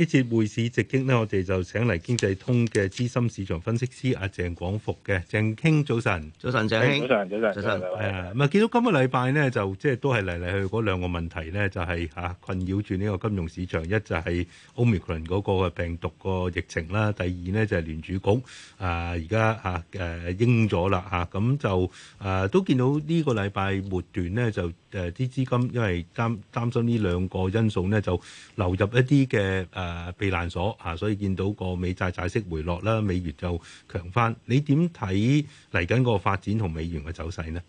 呢次匯市直擊咧，我哋就請嚟經濟通嘅資深市場分析師阿鄭廣復嘅鄭兄，早晨，早晨鄭兄，早晨，早晨，早晨誒，咁啊見到今個禮拜咧，就即係都係嚟嚟去去嗰兩個問題咧，就係嚇困擾住呢個金融市場。一就係 Omicron 嗰個病毒個疫情啦，第二咧就係聯儲局啊，而家嚇誒應咗啦嚇，咁就誒都見到呢個禮拜末段咧，就誒啲資金因為擔擔心呢兩個因素咧，就流入一啲嘅誒。誒避難所，所以見到個美債債息回落啦，美元就強返。你點睇嚟緊個發展同美元嘅走勢呢？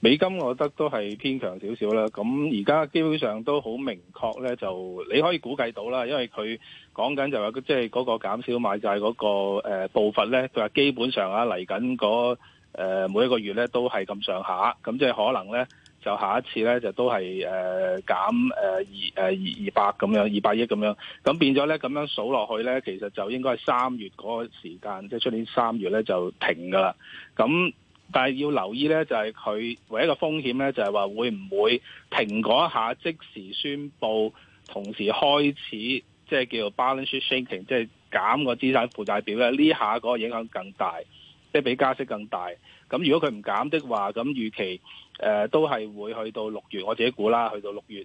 美金我覺得都係偏強少少啦。咁而家基本上都好明確咧，就你可以估計到啦，因為佢講緊就話、係，即係嗰個減少買債嗰個誒步伐咧，佢話基本上啊嚟緊嗰誒每一個月咧都係咁上下，咁即係可能咧。就下一次咧，就都係誒、呃、減誒、呃、二誒二二百咁樣二百億咁樣，咁變咗咧咁樣數落去咧，其實就應該係三月嗰個時間，即係出年三月咧就停㗎喇。咁但係要留意咧，就係、是、佢唯一個風險咧，就係、是、話會唔會停嗰下即時宣布，同時開始即係、就是、叫做 balance shaking 即係減個資產負債表咧，呢下嗰個影響更大，即、就、係、是、比加息更大。咁如果佢唔減的話，咁預期誒、呃、都係會去到六月，我自己估啦，去到六月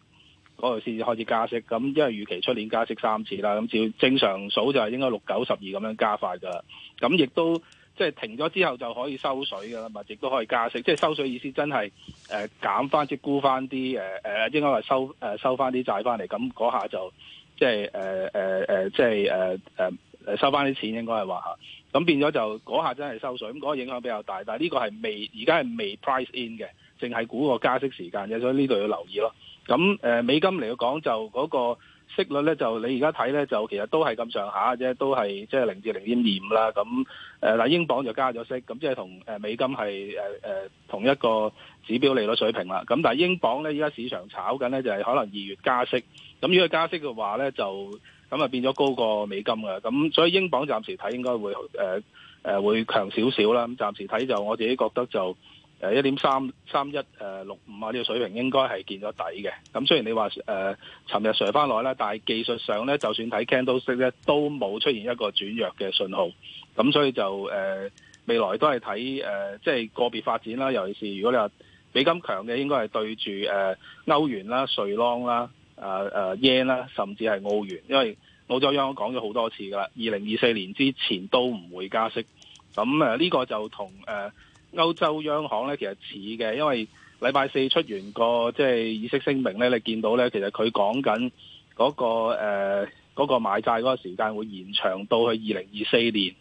嗰度先開始加息。咁因為預期出年加息三次啦，咁照正常數就係應該六九十二咁樣加快㗎。咁亦都即係、就是、停咗之後就可以收水㗎啦，嘛，亦都可以加息。即、就、係、是、收水意思真係誒、呃、減翻即沽翻啲誒誒，應該話收誒、呃、收翻啲債翻嚟。咁嗰下就即係誒誒誒，即、就是呃呃就是呃、收翻啲錢，應該係話吓。咁變咗就嗰下真係收水，咁、那、嗰個影響比較大，但呢個係未而家係未 price in 嘅，淨係估個加息時間嘅，所以呢度要留意咯。咁、呃、美金嚟講就嗰、那個息率咧，就你而家睇咧就其實都係咁上下啫，都係即係零至零點二五啦。咁誒嗱，呃、英鎊就加咗息，咁即係同誒美金係誒、呃呃、同一個指標利率水平啦。咁但英鎊咧，依家市場炒緊咧就係、是、可能二月加息，咁如果加息嘅話咧就。咁啊變咗高過美金嘅，咁所以英鎊暫時睇應該會誒誒、呃呃、會強少少啦。咁暫時睇就我自己覺得就誒一點三三一誒六五啊呢個水平應該係見咗底嘅。咁雖然你話誒尋日上翻嚟啦，但係技術上咧，就算睇 candlestick 咧都冇出現一個轉弱嘅信號。咁所以就誒、呃、未來都係睇誒即係個別發展啦。尤其是如果你話美金強嘅，應該係對住誒、呃、歐元啦、瑞郎啦。啊啊耶啦，甚至係澳元，因為澳洲央行講咗好多次㗎喇，二零二四年之前都唔會加息。咁誒呢個就同誒、啊、歐洲央行咧其實似嘅，因為禮拜四出完個即係議息聲明咧，你見到咧其實佢講緊嗰個誒嗰、啊那個買債嗰個時間會延長到去二零二四年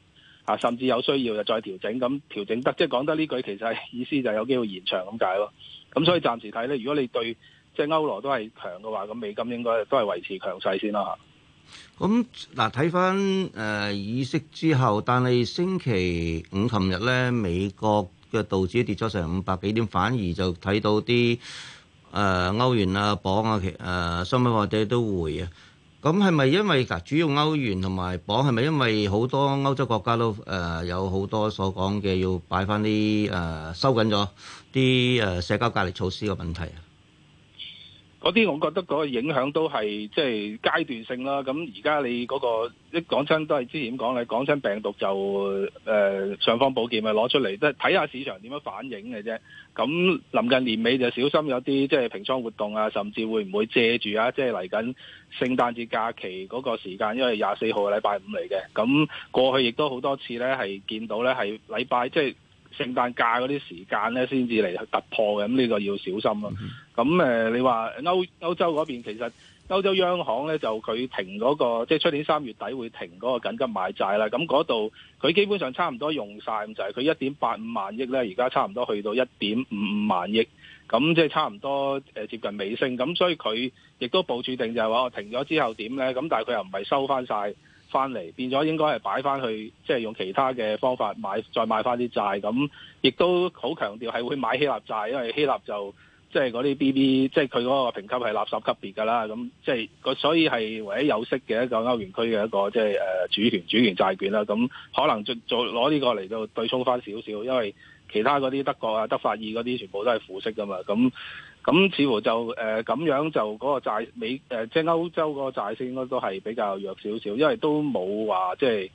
啊，甚至有需要就再調整，咁調整得即係講得呢句其實意思就係有機會延長咁解咯。咁所以暫時睇咧，如果你對即係歐羅都係強嘅話，咁美金應該都係維持強勢先啦。咁嗱，睇翻誒議息之後，但係星期五琴日咧，美國嘅道指跌咗成五百幾點，反而就睇到啲誒、呃、歐元啊、鎊啊、其誒新興貨幣都回啊。咁係咪因為、呃，主要歐元同埋鎊，係咪因為好多歐洲國家都誒有好多所講嘅要擺翻啲誒收緊咗啲誒社交隔離措施嘅問題？嗰啲我覺得嗰個影響都係即係階段性啦。咁而家你嗰、嗰個一講親都係之前講你講親病毒就誒、呃、上方保健咪攞出嚟，即係睇下市場點樣反應嘅啫。咁臨近年尾就小心有啲即係平倉活動啊，甚至會唔會借住啊，即係嚟緊聖誕節假期嗰個時間，因為廿四號係禮拜五嚟嘅。咁過去亦都好多次咧，係見到咧係禮拜即係。即係聖誕假嗰啲時間咧，先至嚟去突破嘅，咁呢個要小心咯。咁誒，你話歐，歐洲嗰邊其實歐洲央行咧就佢停嗰個，即係出年三月底會停嗰個緊急買債啦。咁嗰度佢基本上差唔多用晒，咁就係佢一點八五萬億咧，而家差唔多去到一點五五萬億，咁即係差唔多誒接近尾聲。咁所以佢亦都部署定就係話我停咗之後點咧？咁但係佢又唔係收翻晒。翻嚟變咗應該係擺翻去，即係用其他嘅方法買，再買翻啲債。咁亦都好強調係會買希臘債，因為希臘就即係嗰啲 BB，即係佢嗰個評級係垃圾級別㗎啦。咁即係所以係唯一有息嘅一個歐元區嘅一個即係誒主權主權債券啦。咁可能就做攞呢個嚟到對沖翻少少，因為其他嗰啲德國啊、德法意嗰啲全部都係負息㗎嘛。咁。咁似乎就誒咁、呃、樣就嗰個債美誒、呃，即係歐洲嗰個債息應該都係比較弱少少，因為都冇話即係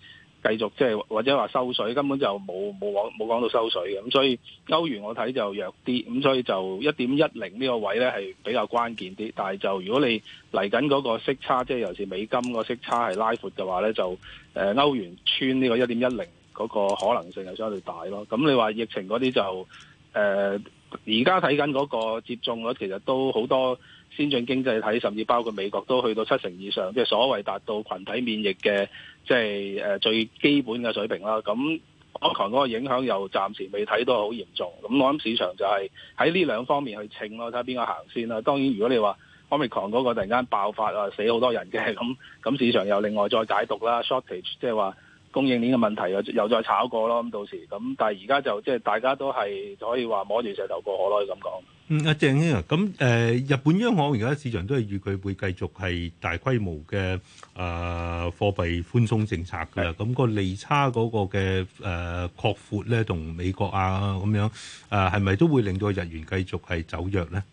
繼續即係或者話收水，根本就冇冇講冇講到收水嘅。咁所以歐元我睇就弱啲，咁所以就一點一零呢個位咧係比較關鍵啲。但係就如果你嚟緊嗰個息差，即係尤其美金個息差係拉闊嘅話咧，就誒、呃、歐元穿呢個一點一零嗰個可能性係相對大咯。咁你話疫情嗰啲就、呃而家睇緊嗰個接種率，其實都好多先進經濟體，甚至包括美國都去到七成以上，即係所謂達到群體免疫嘅，即係誒、呃、最基本嘅水平啦。咁 Omicron 嗰個影響又暫時未睇到好嚴重，咁我諗市場就係喺呢兩方面去稱咯，睇下邊個行先啦。當然如果你話 Omicron 嗰個突然間爆發啊，死好多人嘅咁，咁市場又另外再解讀啦。shortage 即係話。供應鏈嘅問題又又再炒過咯，咁到時咁，但係而家就即係大家都係可以話摸住石頭過河可以咁講。嗯，阿鄭兄啊，咁，誒、呃，日本央行而家市場都係預期會繼續係大規模嘅誒貨幣寬鬆政策嘅，咁、那個利差嗰個嘅誒擴闊咧，同、呃、美國啊咁樣誒，係、呃、咪都會令到日元繼續係走弱咧？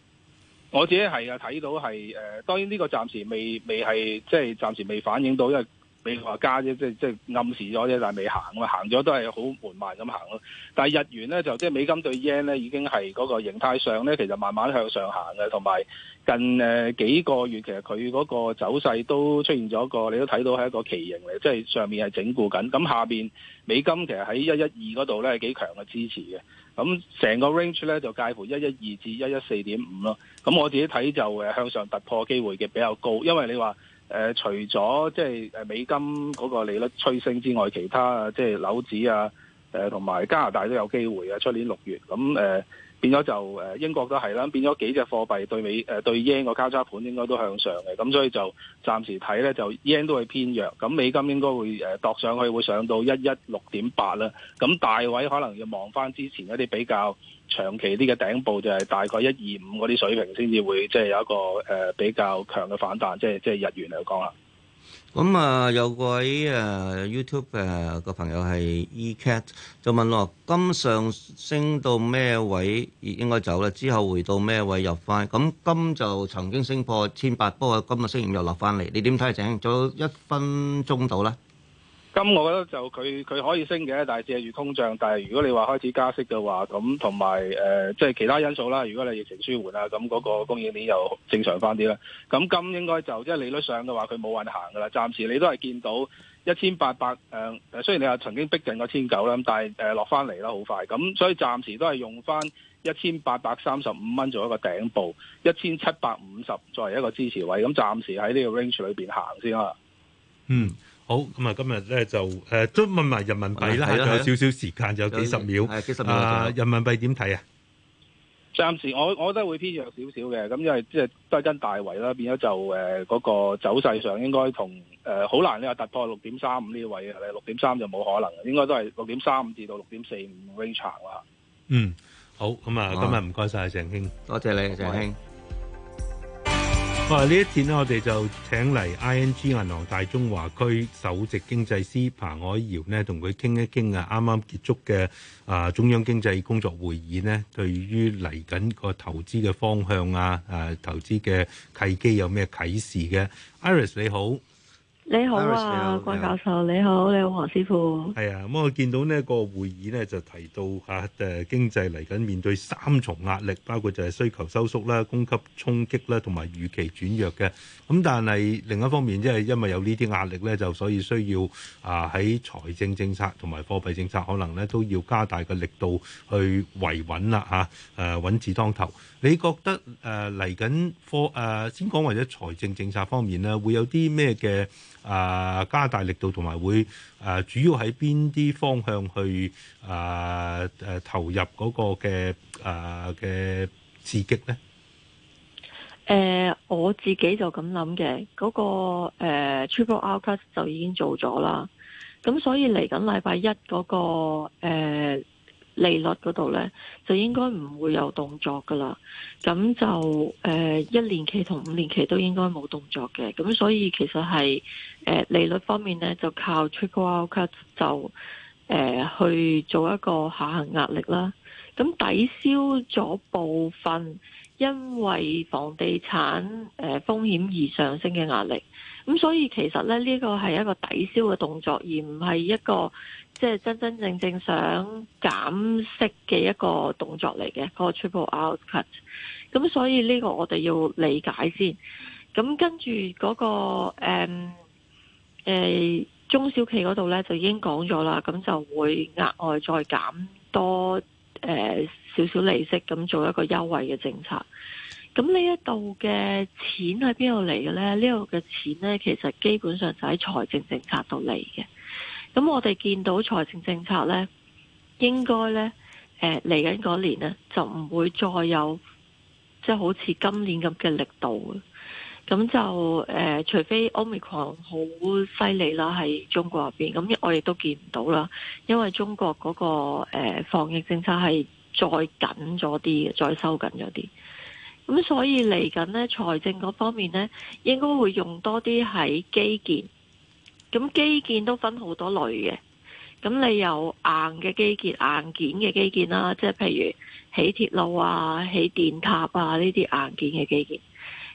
我自己係啊，睇到係誒，當然呢個暫時未未係，即係暫時未反映到，因為。未話加啫，即係即係暗示咗啫，但未行啊嘛，行咗都係好緩慢咁行咯。但日元咧就即係美金對 yen 咧已經係嗰個形態上咧，其實慢慢向上行嘅。同埋近誒幾個月其實佢嗰個走勢都出現咗一個，你都睇到係一個奇形嚟，即係上面係整固緊，咁下面美金其實喺一一二嗰度咧幾強嘅支持嘅。咁成個 range 咧就介乎一一二至一一四點五咯。咁我自己睇就誒向上突破機會嘅比較高，因為你話。誒、呃、除咗即係美金嗰個利率趨升之外，其他即係樓指啊，誒同埋加拿大都有機會啊！出年六月咁誒。變咗就誒英國都係啦，變咗幾隻貨幣對美誒對 yen 個交叉盤應該都向上嘅，咁所以就暫時睇咧就英都係偏弱，咁美金應該會誒度上去，會上到一一六點八啦。咁大位可能要望翻之前一啲比較長期啲嘅頂部，就係、是、大概一二五嗰啲水平先至會即係、就是、有一個誒比較強嘅反彈，即係即係日元嚟講啦。咁啊，有位 YouTube 嘅朋友係 Ecat 就問我：金上升到咩位？應應該走啦。之後回到咩位入返。」咁金就曾經升破千八，不過今日星期五又落返嚟。你點睇整？仲有一分鐘到啦。金，我覺得就佢佢可以升嘅，但係借住通脹。但係如果你話開始加息嘅話，咁同埋誒，即係其他因素啦。如果你疫情舒緩啦，咁嗰個供應鏈又正常翻啲啦。咁金應該就即係利率上嘅話，佢冇運行噶啦。暫時你都係見到一千八百誒，雖然你話曾經逼近過千九啦，但係誒落翻嚟啦，好快。咁所以暫時都係用翻一千八百三十五蚊做一個頂部，一千七百五十作為一個支持位。咁暫時喺呢個 range 裏邊行先啦。嗯。好咁啊！今日咧就誒都問埋人民幣啦，仲有少少時間，仲有幾十秒。誒、啊，人民幣點睇啊？暫時我我覺得會偏弱少少嘅，咁因為即係都係跟大圍啦，變咗就誒嗰、呃那個走勢上應該同誒好難呢個突破六點三五呢個位嘅，六點三就冇可能嘅，應該都係六點三五至到六點四五 range 啦。嗯，好咁啊！今日唔該晒，鄭兄、啊，多謝你，鄭兄。哇！呢一次呢我哋就請嚟 ING 銀行大中華區首席經濟師彭藹嬈呢同佢傾一傾啊！啱啱結束嘅啊中央經濟工作會議呢對於嚟緊個投資嘅方向啊，啊投資嘅契機有咩啟示嘅？Iris 你好。你好啊，關教授，你好，你好黃師傅。係啊，咁、嗯、我見到呢個會議呢，就提到吓，誒，經濟嚟緊面對三重壓力，包括就係需求收縮啦、供給沖擊啦，同埋預期轉弱嘅。咁但係另一方面，即係因為有呢啲壓力呢，就所以需要啊喺財政政策同埋貨幣政策，可能呢，都要加大個力度去維穩啦，吓誒，穩字當頭。你覺得，誒，嚟緊科誒先講，或者財政政策方面咧，會有啲咩嘅誒加大力度，同埋會誒、啊、主要喺邊啲方向去誒誒、啊啊、投入嗰、那個嘅誒嘅刺激咧？誒、呃、我自己就咁諗嘅，嗰、那個 Triple，呃、cut 就已經做咗啦。咁所以嚟緊禮拜一嗰、那個、呃利率嗰度呢，就應該唔會有動作噶啦。咁就誒、呃、一年期同五年期都應該冇動作嘅。咁所以其實係誒、呃、利率方面呢，就靠 trickle out cut 就誒、呃、去做一個下行壓力啦。咁抵消咗部分。因為房地產誒風險而上升嘅壓力，咁所以其實咧呢、這個係一個抵消嘅動作，而唔係一個即係真真正正想減息嘅一個動作嚟嘅嗰個 triple out cut，咁所以呢個我哋要理解先。咁跟住嗰、那個誒誒、嗯呃、中小企嗰度咧就已經講咗啦，咁就會額外再減多誒。呃少少利息，咁做一個優惠嘅政策，咁呢一度嘅錢喺邊度嚟嘅呢？呢度嘅錢呢，其實基本上就喺財政政策度嚟嘅。咁我哋見到財政政策呢，應該呢誒，嚟緊嗰年呢，就唔會再有即係、就是、好似今年咁嘅力度嘅。咁就誒、呃，除非 Omicron 好犀利啦，喺中國入邊，咁我亦都見唔到啦，因為中國嗰、那個誒、呃、防疫政策係。再緊咗啲嘅，再收緊咗啲。咁所以嚟緊咧，財政嗰方面咧，應該會用多啲喺基建。咁基建都分好多類嘅。咁你有硬嘅基建、硬件嘅基建啦，即係譬如起鐵路啊、起電塔啊呢啲硬件嘅基建。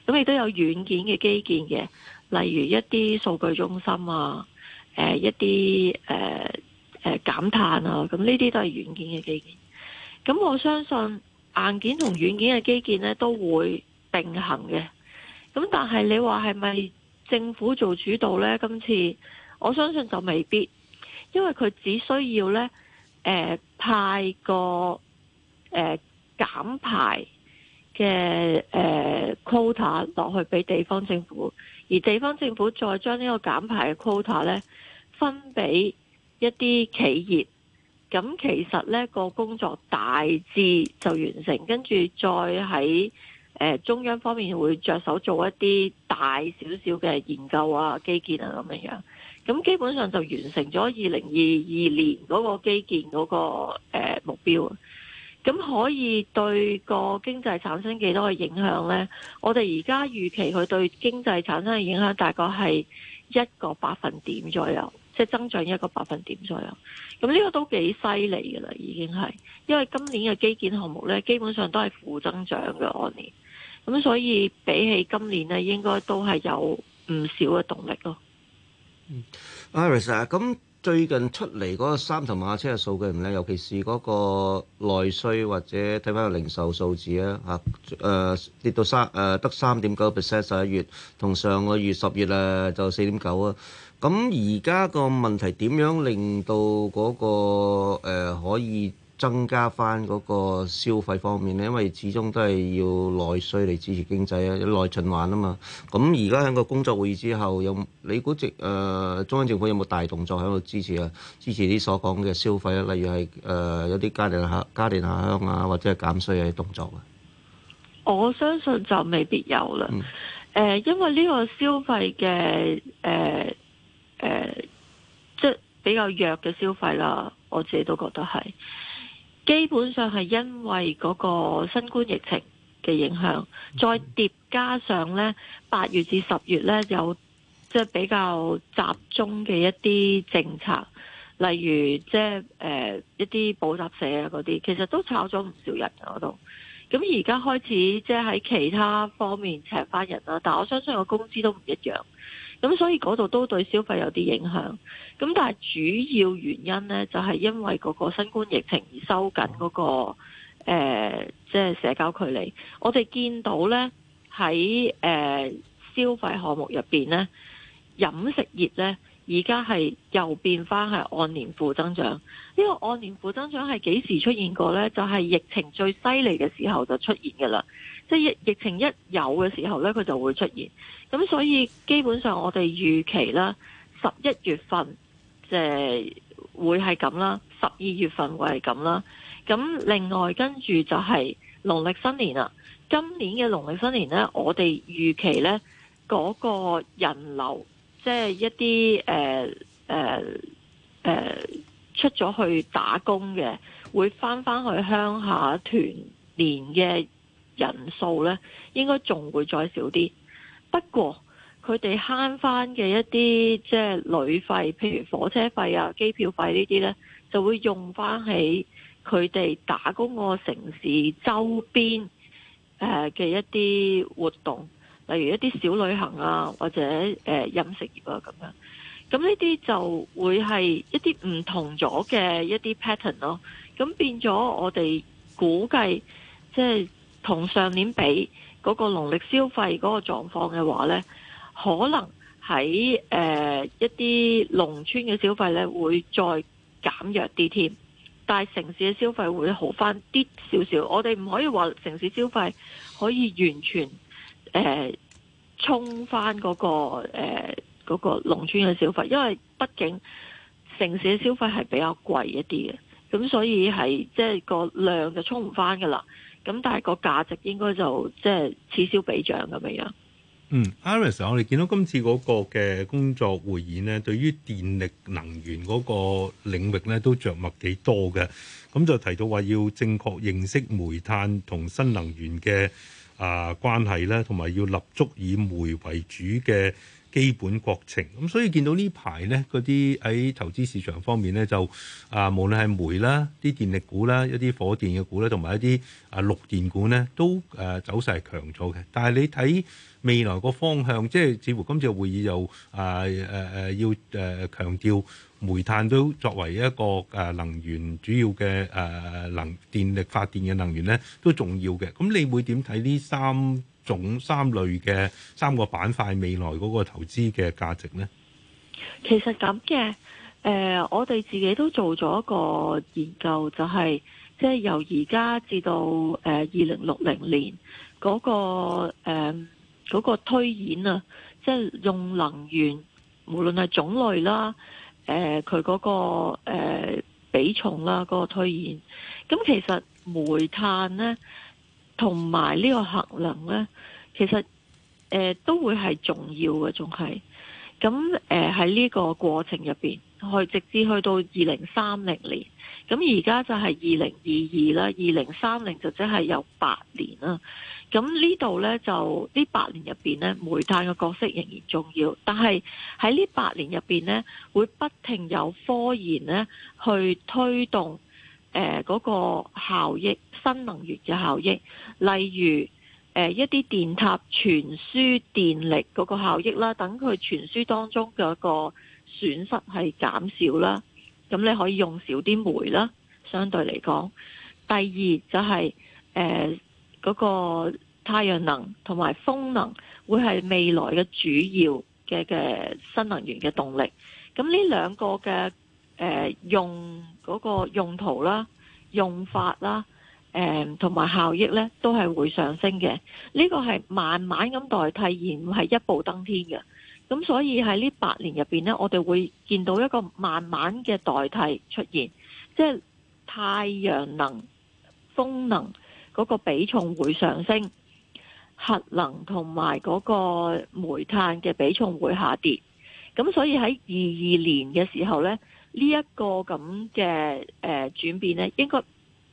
咁亦都有軟件嘅基建嘅，例如一啲數據中心啊，誒、呃、一啲誒誒減碳啊，咁呢啲都係軟件嘅基建。咁我相信硬件同軟件嘅基建呢都會並行嘅。咁但係你話係咪政府做主導呢？今次我相信就未必，因為佢只需要呢誒派個誒減排嘅誒 quota 落去俾地方政府，而地方政府再將呢個減排嘅 quota 呢分俾一啲企業。咁其實呢個工作大致就完成，跟住，再喺誒中央方面會着手做一啲大少少嘅研究啊、基建啊咁樣樣，咁基本上就完成咗二零二二年嗰個基建嗰個誒目標。咁可以對個經濟產生幾多嘅影響呢？我哋而家預期佢對經濟產生嘅影響大概係一個百分點左右。即增長一個百分點左右，咁呢個都幾犀利㗎喇，已經係，因為今年嘅基建項目呢基本上都係負增長嘅，按年，咁所以比起今年呢應該都係有唔少嘅動力咯。嗯咁。Iris, 最近出嚟嗰個三頭馬車嘅數據唔靚，尤其是嗰個內需或者睇返個零售數字啊，嚇，誒跌到三誒得三點九 percent 十一月，同上個月十月啊就四點九啊，咁而家個問題，點樣令到嗰個可以？增加翻嗰個消費方面咧，因為始終都係要內需嚟支持經濟啊，內循環啊嘛。咁而家喺個工作會議之後，有你估吓誒中央政府有冇大動作喺度支持啊？支持你所講嘅消費啊，例如係誒有啲家電下家電下鄉啊，或者係減稅嘅動作啊？我相信就未必有啦。誒、嗯，因為呢個消費嘅誒誒，即係比較弱嘅消費啦，我自己都覺得係。基本上係因為嗰個新冠疫情嘅影響，再疊加上呢八月至十月呢，有即係比較集中嘅一啲政策，例如即係誒一啲補習社啊嗰啲，其實都炒咗唔少人嗰度。咁而家開始即係喺其他方面請翻人啦，但我相信個工資都唔一樣。咁所以嗰度都對消費有啲影響，咁但係主要原因呢，就係、是、因為嗰個新冠疫情而收緊嗰、那個即係、呃就是、社交距離。我哋見到呢，喺、呃、消費項目入面呢，飲食業呢，而家係又變返係按年負增長。呢、這個按年負增長係幾時出現過呢？就係、是、疫情最犀利嘅時候就出現嘅啦。即係疫情一有嘅時候呢，佢就會出現。咁所以基本上我哋預期啦，十一月份即係會係咁啦，十二月份會係咁啦。咁另外跟住就係農曆新年啦。今年嘅農曆新年呢，我哋預期呢嗰個人流，即係一啲誒誒誒出咗去打工嘅，會翻翻去鄉下團年嘅。人數呢應該仲會再少啲，不過佢哋慳翻嘅一啲即係旅費，譬如火車費啊、機票費呢啲呢，就會用翻喺佢哋打工個城市周邊嘅一啲活動，例如一啲小旅行啊，或者誒飲食業啊咁樣。咁呢啲就會係一啲唔同咗嘅一啲 pattern 咯、啊。咁變咗，我哋估計即係。就是同上年比嗰，那個農曆消費嗰個狀況嘅話咧，可能喺誒、呃、一啲農村嘅消費咧會再減弱啲添，但係城市嘅消費會好翻啲少少。我哋唔可以話城市消費可以完全誒沖翻嗰個誒嗰，呃、那個、農村嘅消費，因為畢竟城市嘅消費係比較貴一啲嘅，咁所以係即係個量就沖唔翻噶啦。咁但係個價值應該就即係此消彼長咁樣樣。嗯，Iris，我哋見到今次嗰個嘅工作會議呢，對於電力能源嗰個領域呢，都着墨幾多嘅。咁就提到話要正確認識煤炭同新能源嘅啊、呃、關係咧，同埋要立足以煤為主嘅。基本國情咁，所以見到呢排呢，嗰啲喺投資市場方面呢，就啊，無論係煤啦、啲電力股啦、一啲火電嘅股啦，同埋一啲啊綠電股呢，都誒走勢係強咗嘅。但係你睇未來個方向，即係似乎今次會議又、呃呃、要誒強調煤炭都作為一個能源主要嘅能電力發電嘅能源呢，都重要嘅。咁你會點睇呢三？總三類嘅三個板塊，未來嗰個投資嘅價值呢？其實咁嘅，誒，我哋自己都做咗一個研究，就係即係由而家至到誒二零六零年嗰個誒嗰個推演啊，即係用能源，無論係種類啦，誒，佢嗰個誒比重啦，嗰個推演，咁其實煤炭呢。同埋呢個核能呢，其實誒、呃、都會係重要嘅，仲係咁誒喺呢個過程入邊，去直至去到二零三零年。咁而家就係二零二二啦，二零三零就即係有八年啦。咁呢度呢，就呢八年入面呢，煤炭嘅角色仍然重要，但係喺呢八年入面呢，會不停有科研呢去推動。誒、呃，嗰、那個效益，新能源嘅效益，例如誒、呃、一啲電塔傳輸電力嗰個效益啦，等佢傳輸當中嘅一個損失係減少啦，咁你可以用少啲煤啦，相對嚟講，第二就係誒嗰個太陽能同埋風能會係未來嘅主要嘅嘅新能源嘅動力，咁呢兩個嘅。誒，用嗰個用途啦、用法啦，誒，同埋效益咧，都係會上升嘅。呢個係慢慢咁代替，而唔係一步登天嘅。咁所以喺呢八年入邊咧，我哋會見到一個慢慢嘅代替出現，即係太陽能、風能嗰個比重會上升，核能同埋嗰個煤炭嘅比重會下跌。咁所以喺二二年嘅時候咧。呢、這、一個咁嘅誒轉變呢，應該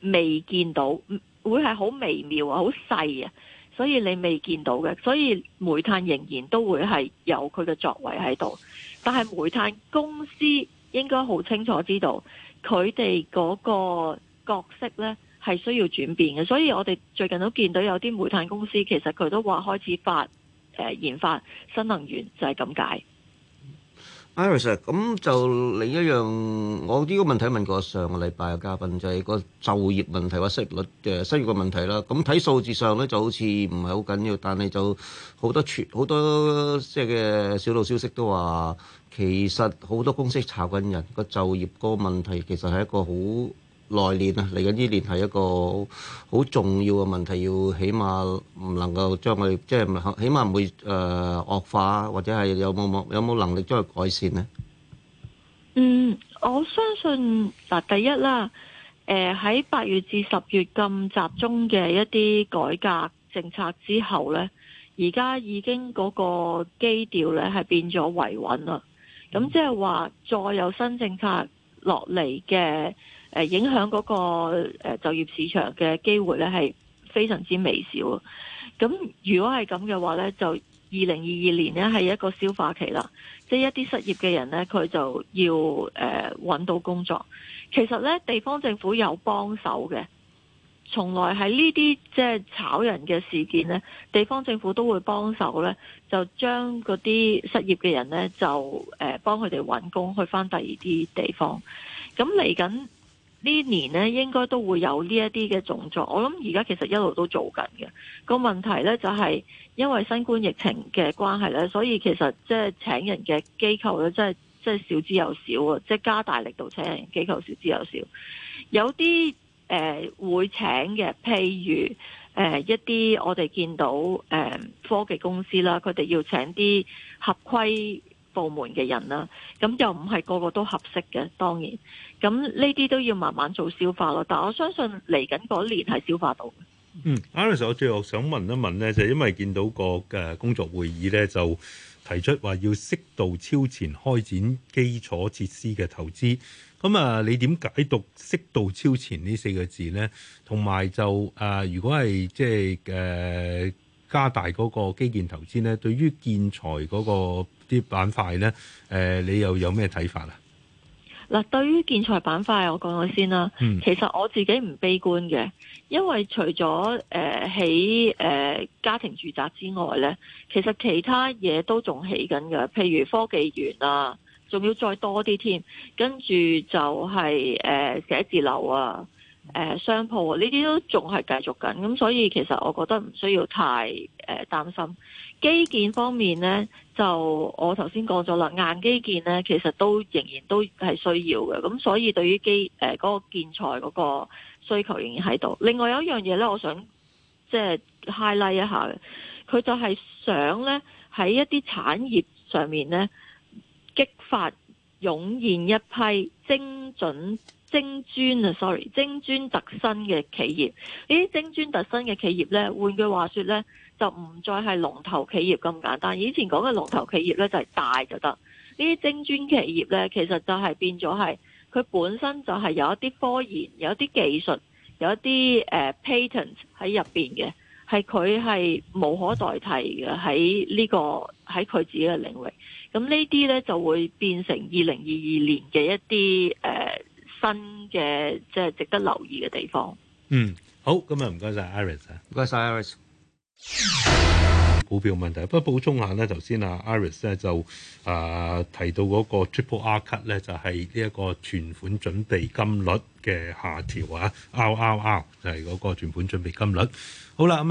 未見到，會係好微妙啊，好細啊，所以你未見到嘅，所以煤炭仍然都會係有佢嘅作為喺度。但係煤炭公司應該好清楚知道，佢哋嗰個角色呢係需要轉變嘅。所以我哋最近都見到有啲煤炭公司，其實佢都話開始發誒、呃、研發新能源，就係咁解。Iris，咁就另一樣，我呢個問題問過上個禮拜嘅嘉賓，就係嗰個就業問題或失業率嘅失業嘅問題啦。咁睇數字上咧就好似唔係好緊要，但係就好多傳好多即係嘅小道消息都話，其實好多公司查緊人，個就業個問題其實係一個好來年啊，嚟緊呢年係一個好重要嘅問題，要起碼唔能夠將佢即係起碼唔會誒、呃、惡化，或者係有冇冇有冇能力將佢改善咧？嗯，我相信嗱，第一啦，誒喺八月至十月咁集中嘅一啲改革政策之後呢，而家已經嗰個基調呢係變咗維穩啦。咁即係話再有新政策落嚟嘅。誒，影響嗰個誒就業市場嘅機會咧，係非常之微小。咁如果係咁嘅話咧，就二零二二年咧係一個消化期啦，即係一啲失業嘅人咧，佢就要誒搵到工作。其實咧，地方政府有幫手嘅，從來喺呢啲即係炒人嘅事件咧，地方政府都會幫手咧，就將嗰啲失業嘅人咧，就誒幫佢哋搵工去翻第二啲地方。咁嚟緊。呢年咧，應該都會有呢一啲嘅動作。我諗而家其實一路都做緊嘅個問題呢，就係因為新冠疫情嘅關係呢，所以其實即係請人嘅機構咧，真係即係少之又少啊！即係加大力度請人機構少之又少，有啲誒會請嘅，譬如誒一啲我哋見到誒科技公司啦，佢哋要請啲合規。部門嘅人啦，咁又唔係個個都合適嘅，當然，咁呢啲都要慢慢做消化咯。但係我相信嚟緊嗰年係消化到的。嗯，Alex，我最後想問一問呢，就係、因為見到個誒工作會議呢，就提出話要適度超前開展基礎設施嘅投資。咁啊，你點解讀適度超前呢四個字呢？同埋就誒、呃，如果係即係誒。呃加大嗰個基建投資咧，對於建材嗰個啲板塊咧，誒，你又有咩睇法啊？嗱，對於建材板塊，我講咗先啦、嗯。其實我自己唔悲觀嘅，因為除咗誒、呃、起誒、呃、家庭住宅之外咧，其實其他嘢都仲起緊嘅，譬如科技園啊，仲要再多啲添。跟住就係、是、誒、呃、寫字樓啊。誒、呃、商鋪呢啲都仲係繼續緊，咁所以其實我覺得唔需要太、呃、擔心基建方面呢，就我頭先講咗啦，硬基建呢其實都仍然都係需要嘅，咁所以對於基誒嗰、呃那個建材嗰個需求仍然喺度。另外有一樣嘢呢，我想即係、就是、highlight 一下，佢就係想呢喺一啲產業上面呢，激發湧現一批精準。精專啊，sorry，精專特新嘅企業，呢啲精專特新嘅企業呢，換句話說呢，就唔再係龍頭企業咁簡單。以前講嘅龍頭企業呢，就係大就得。呢啲精專企業呢，其實就係變咗係，佢本身就係有一啲科研、有一啲技術、有一啲誒 patents 喺入邊嘅，係佢係無可代替嘅喺呢個喺佢自己嘅領域。咁呢啲呢，就會變成二零二二年嘅一啲誒。Uh, 新嘅即係值得留意嘅地方。嗯，好，咁啊唔該晒 Iris 啊，唔該晒 Iris。股票問題。不過補充下咧，頭先啊 Iris 咧就啊、呃、提到個 Triple R cut 咧，就係呢一個存款準備金率嘅下調啊，RRR 就係個存款準備金率。好啦，咁啊。